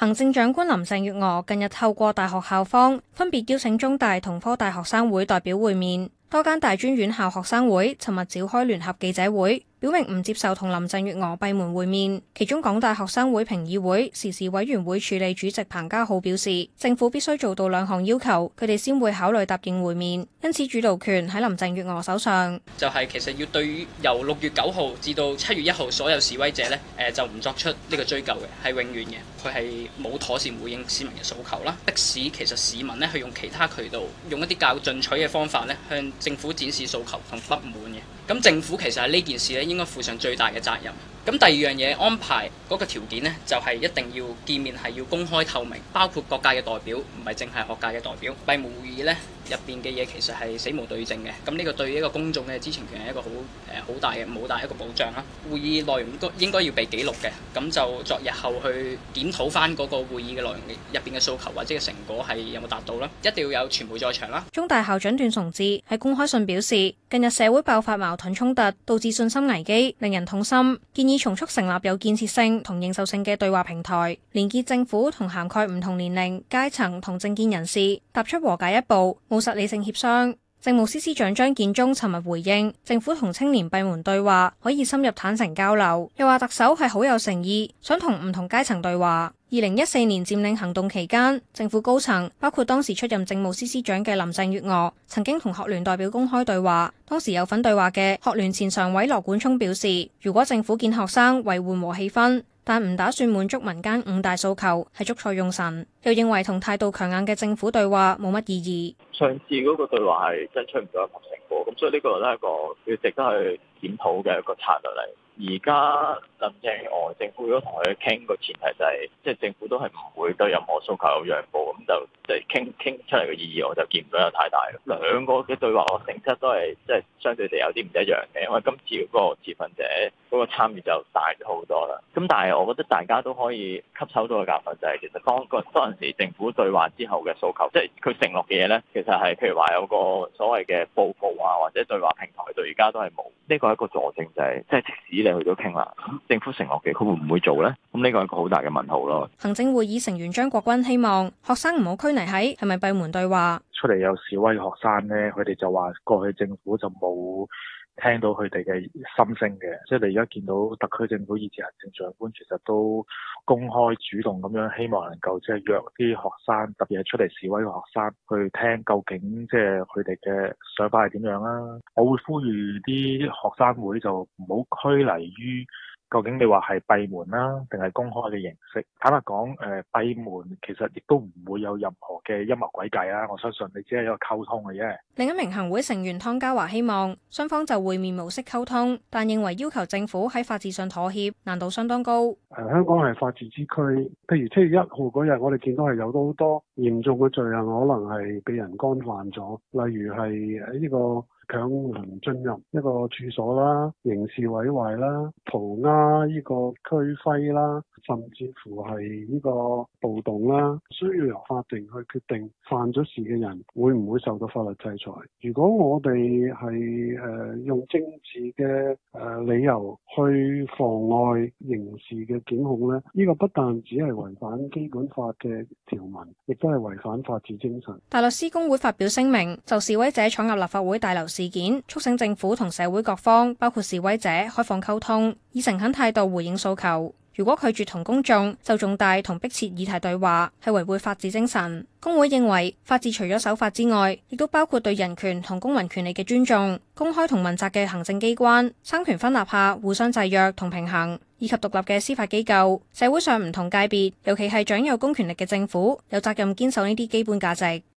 行政長官林鄭月娥近日透過大學校方，分別邀請中大同科大學生會代表會面，多間大專院校學生會尋日召開聯合記者會。表明唔接受同林鄭月娥閉門會面，其中港大學生會評議會時事委員會處理主席彭家浩表示，政府必須做到兩項要求，佢哋先會考慮答應會面，因此主導權喺林鄭月娥手上。就係其實要對於由六月九號至到七月一號所有示威者咧，誒就唔作出呢個追究嘅，係永遠嘅，佢係冇妥善回應市民嘅訴求啦。迫使其實市民咧去用其他渠道，用一啲較進取嘅方法咧向政府展示訴求同不滿嘅。咁政府其實喺呢件事咧。應該負上最大嘅責任。咁第二樣嘢安排嗰個條件呢，就係、是、一定要見面，係要公開透明，包括各界嘅代表，唔係淨係學界嘅代表。閉門會議呢。入邊嘅嘢其實係死無對證嘅，咁呢個對一個公眾嘅知情權係一個好誒好大嘅冇大一個保障啦。會議內容該應該要被記錄嘅，咁就作日後去檢討翻嗰個會議嘅內容入邊嘅訴求或者嘅成果係有冇達到啦。一定要有傳媒在場啦。中大校長段崇智喺公開信表示，近日社會爆發矛盾衝突，導致信心危機，令人痛心。建議從速成立有建設性同認受性嘅對話平台，連結政府同涵蓋唔同年齡階層同政見人士，踏出和解一步。務實理性協商，政務司司長張建宗尋日回應，政府同青年閉門對話可以深入坦誠交流，又話特首係好有誠意，想同唔同階層對話。二零一四年佔領行動期間，政府高層包括當時出任政務司司長嘅林鄭月娥，曾經同學聯代表公開對話。當時有份對話嘅學聯前常委羅冠聰表示，如果政府見學生為緩和氣氛。但唔打算滿足民間五大訴求，係捉錯用神。又認為同態度強硬嘅政府對話冇乜意義。上次嗰個對話係爭取唔到一項成果，咁所以呢個都係一個要值得去檢討嘅一個策略嚟。而家林鄭外政府如果同佢傾，個前提就係即係政府都係唔會對任何訴求有讓步。咁就就傾傾出嚟嘅意義，我就見唔到有太大咯。兩個嘅對話嘅成績都係即係相對地有啲唔一樣嘅，因為今次嗰個持份者嗰、嗰個參與就大咗好多啦。咁但係我覺得大家都可以吸收到嘅教訓就係，其實當個嗰陣時政府對話之後嘅訴求，即係佢承諾嘅嘢呢，其實係譬如話有個所謂嘅報告啊，或者對話平台，到而家都係冇。呢個係一個佐證就係、是，即、就、係、是、即使你去咗傾啦，政府承諾嘅佢會唔會做呢？呢個係一個好大嘅問號咯。行政會議成員張國軍希望學生唔好拘泥喺係咪閉門對話，出嚟有示威嘅學生咧，佢哋就話過去政府就冇聽到佢哋嘅心聲嘅。即係你而家見到特區政府以至行政長官，其實都公開主動咁樣，希望能夠即係約啲學生，特別係出嚟示威嘅學生，去聽究竟即係佢哋嘅想法係點樣啦。我會呼籲啲學生會就唔好拘泥於。究竟你話係閉門啦，啊，定係公開嘅形式？坦白講，誒、呃，閉門其實亦都唔會有任何嘅陰謀詭計啦。我相信你只係一個溝通嘅啫。另一名行會成員湯家驊希望雙方就會面模式溝通，但認為要求政府喺法治上妥協難度相當高。誒、呃，香港係法治之區，譬如七月一號嗰日，我哋見到係有都好多嚴重嘅罪行可能係被人干犯咗，例如係喺呢個。強行進入一個住所啦，刑事毀壞啦，塗鴉呢個區徽啦，甚至乎係呢個暴動啦，需要由法庭去決定犯咗事嘅人會唔會受到法律制裁。如果我哋係誒用政治嘅誒、呃、理由，去妨礙刑事嘅檢控呢，呢個不但只係違反基本法嘅條文，亦都係違反法治精神。大律師公會發表聲明，就示威者闖入立法會大樓事件，促請政府同社會各方，包括示威者開放溝通，以誠懇態度回應訴求。如果拒絕同公眾就重大同迫切議題對話，係違背法治精神。工會認為，法治除咗守法之外，亦都包括對人權同公民權利嘅尊重、公開同問責嘅行政機關、三權分立下互相制約同平衡，以及獨立嘅司法機構。社會上唔同界別，尤其係掌有公權力嘅政府，有責任堅守呢啲基本價值。